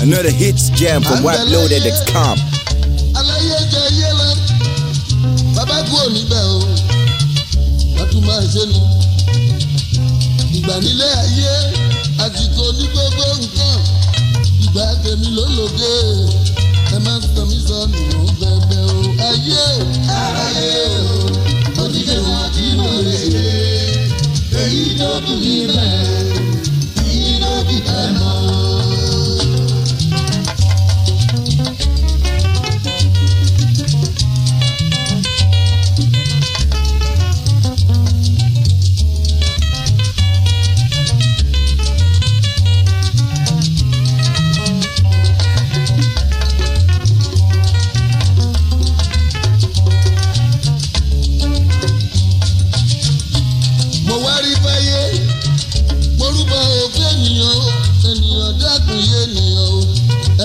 Another hits jam from WhiteLoaded.com. Aláyé jẹ yé Ìgbà tèmi ló lòdè, ẹ má sọ mí sọ nù mọ́ bẹ́ẹ̀.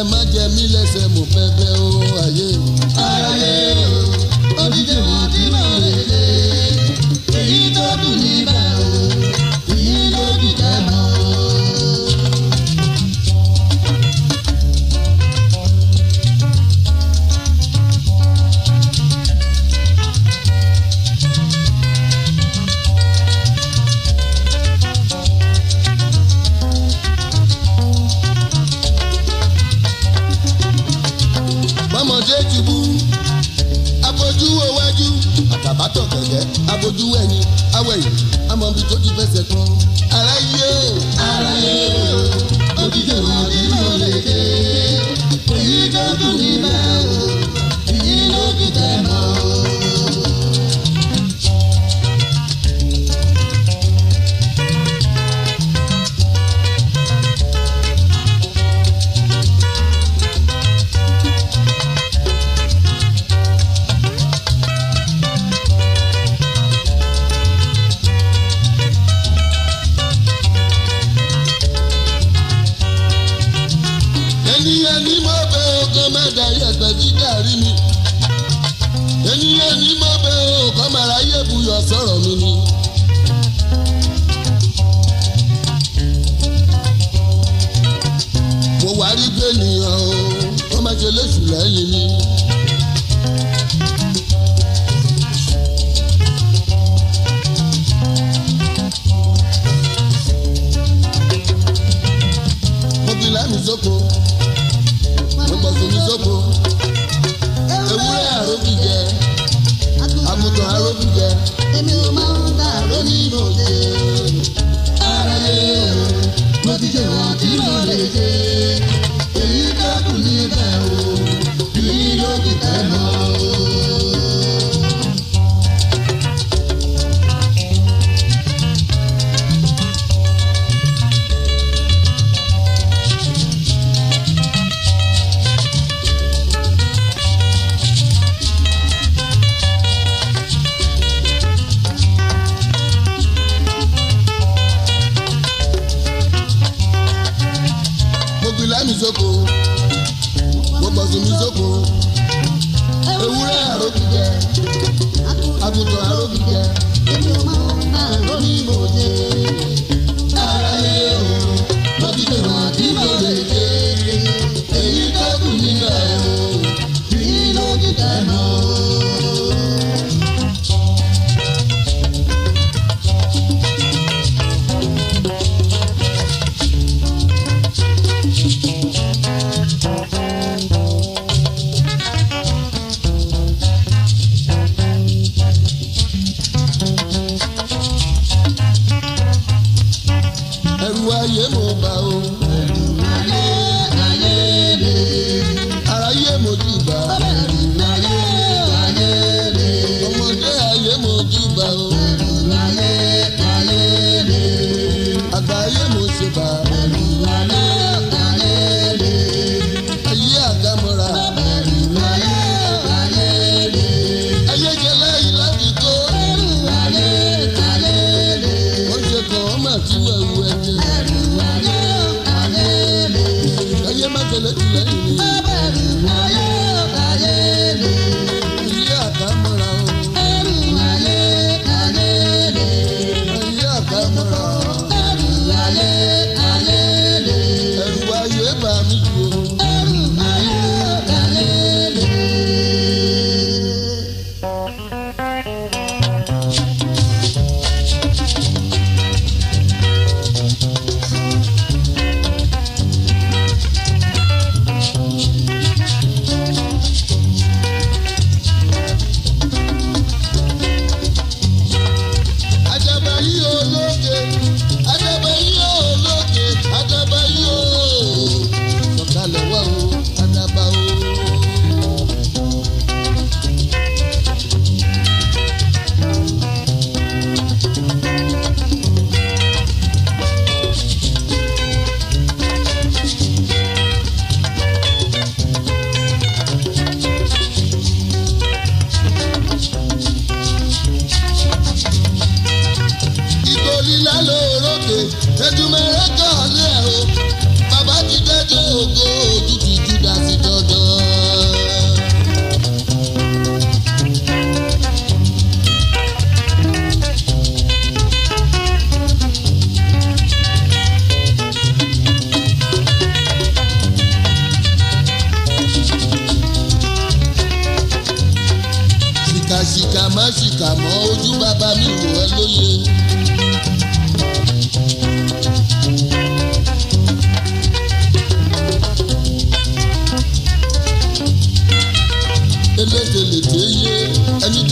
ẹ má jẹ mí lẹ́sẹ̀ mọ́ pẹpẹ o ayé. ayé o òdìdè wọn ti máa.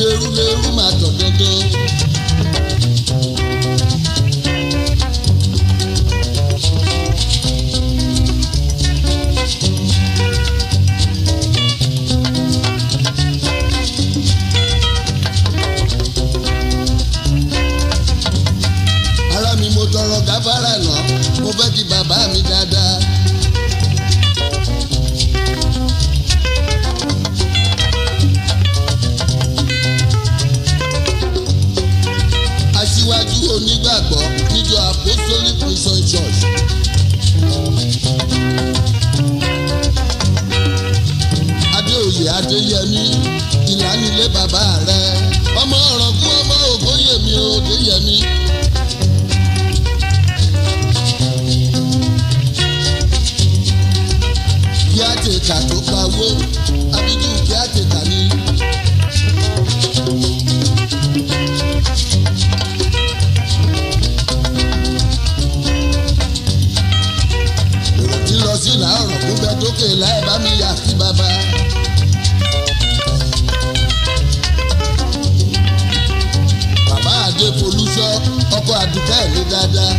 lérú lérú máa tọ̀ dandan. onígbàgbọ́ níjọ apostolic prison church. adéoyè adéyẹmí ìlànilé bàbá rẹ ọmọ ọ̀rọ̀kún ọmọ ògbóyèmí òdéyẹmí. yá tètà tó pawó abidjan. látòkè láì bá mi yà sí bàbá. bàbá àdé folúṣọ ọkọ àdúgbò ẹ̀ lé dáadáa.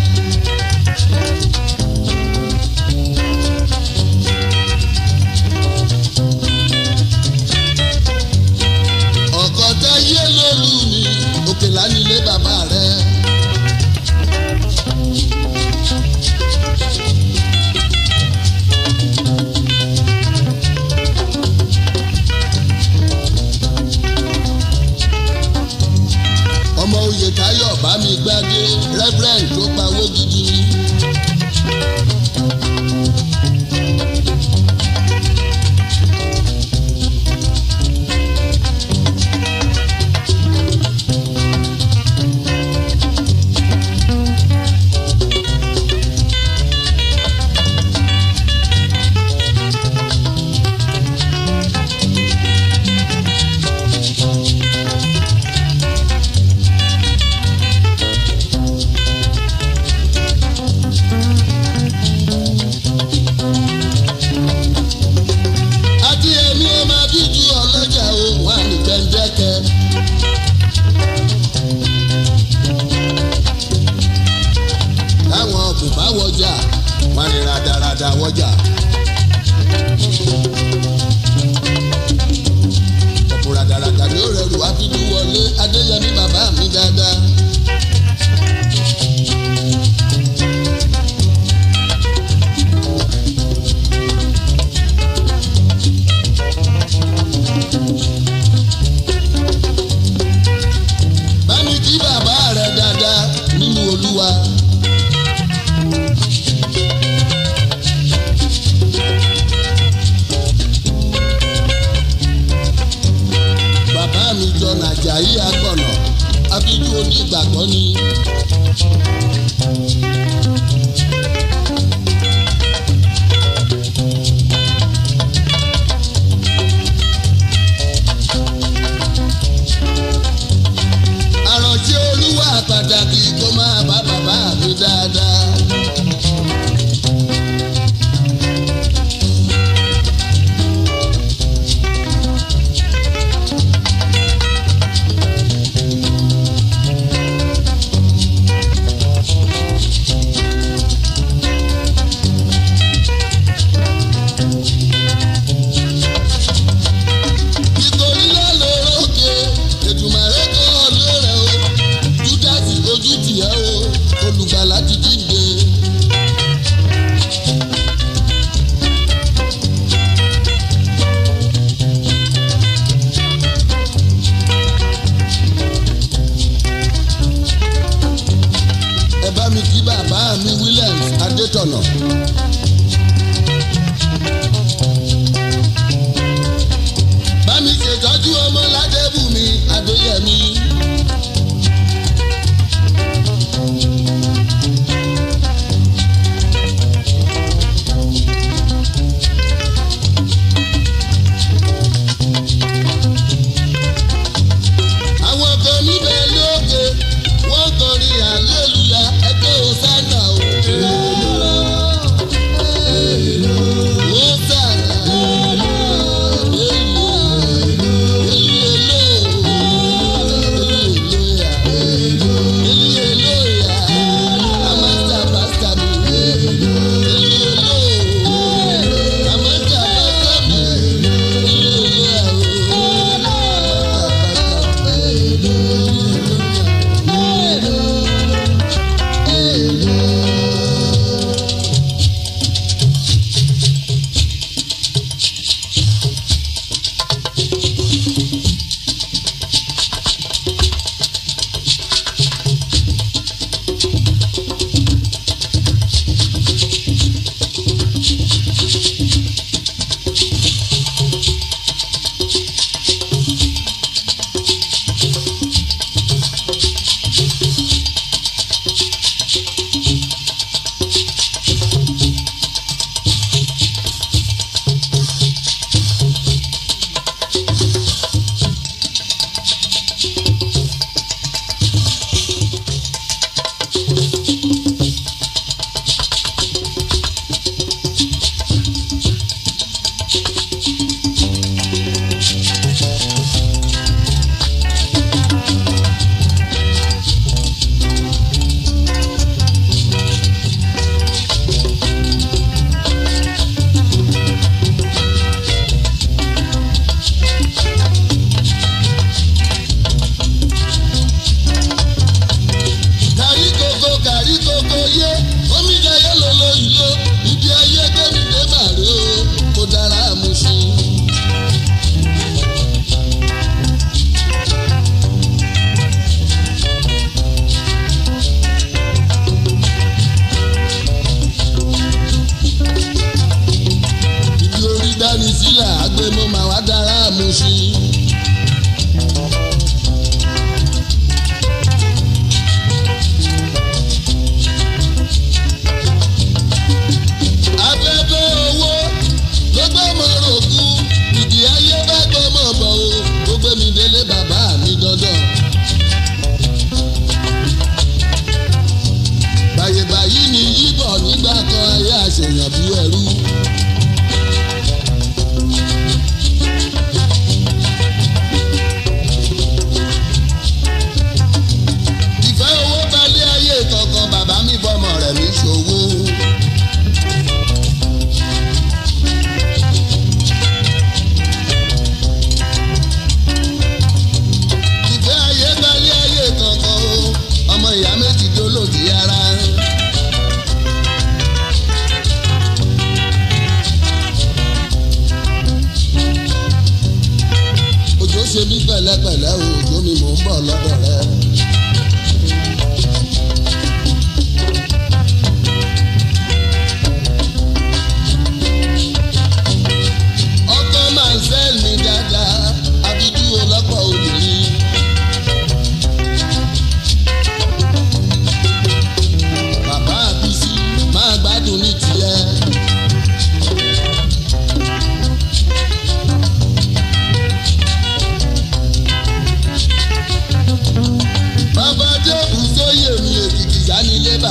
ṣe mí pẹ̀lẹ́pẹ̀lẹ́ o tó mi mò ń bọ̀ lọ́dọ̀ rẹ.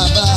Bye.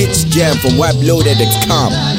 It's Jam from WebLoaded.com.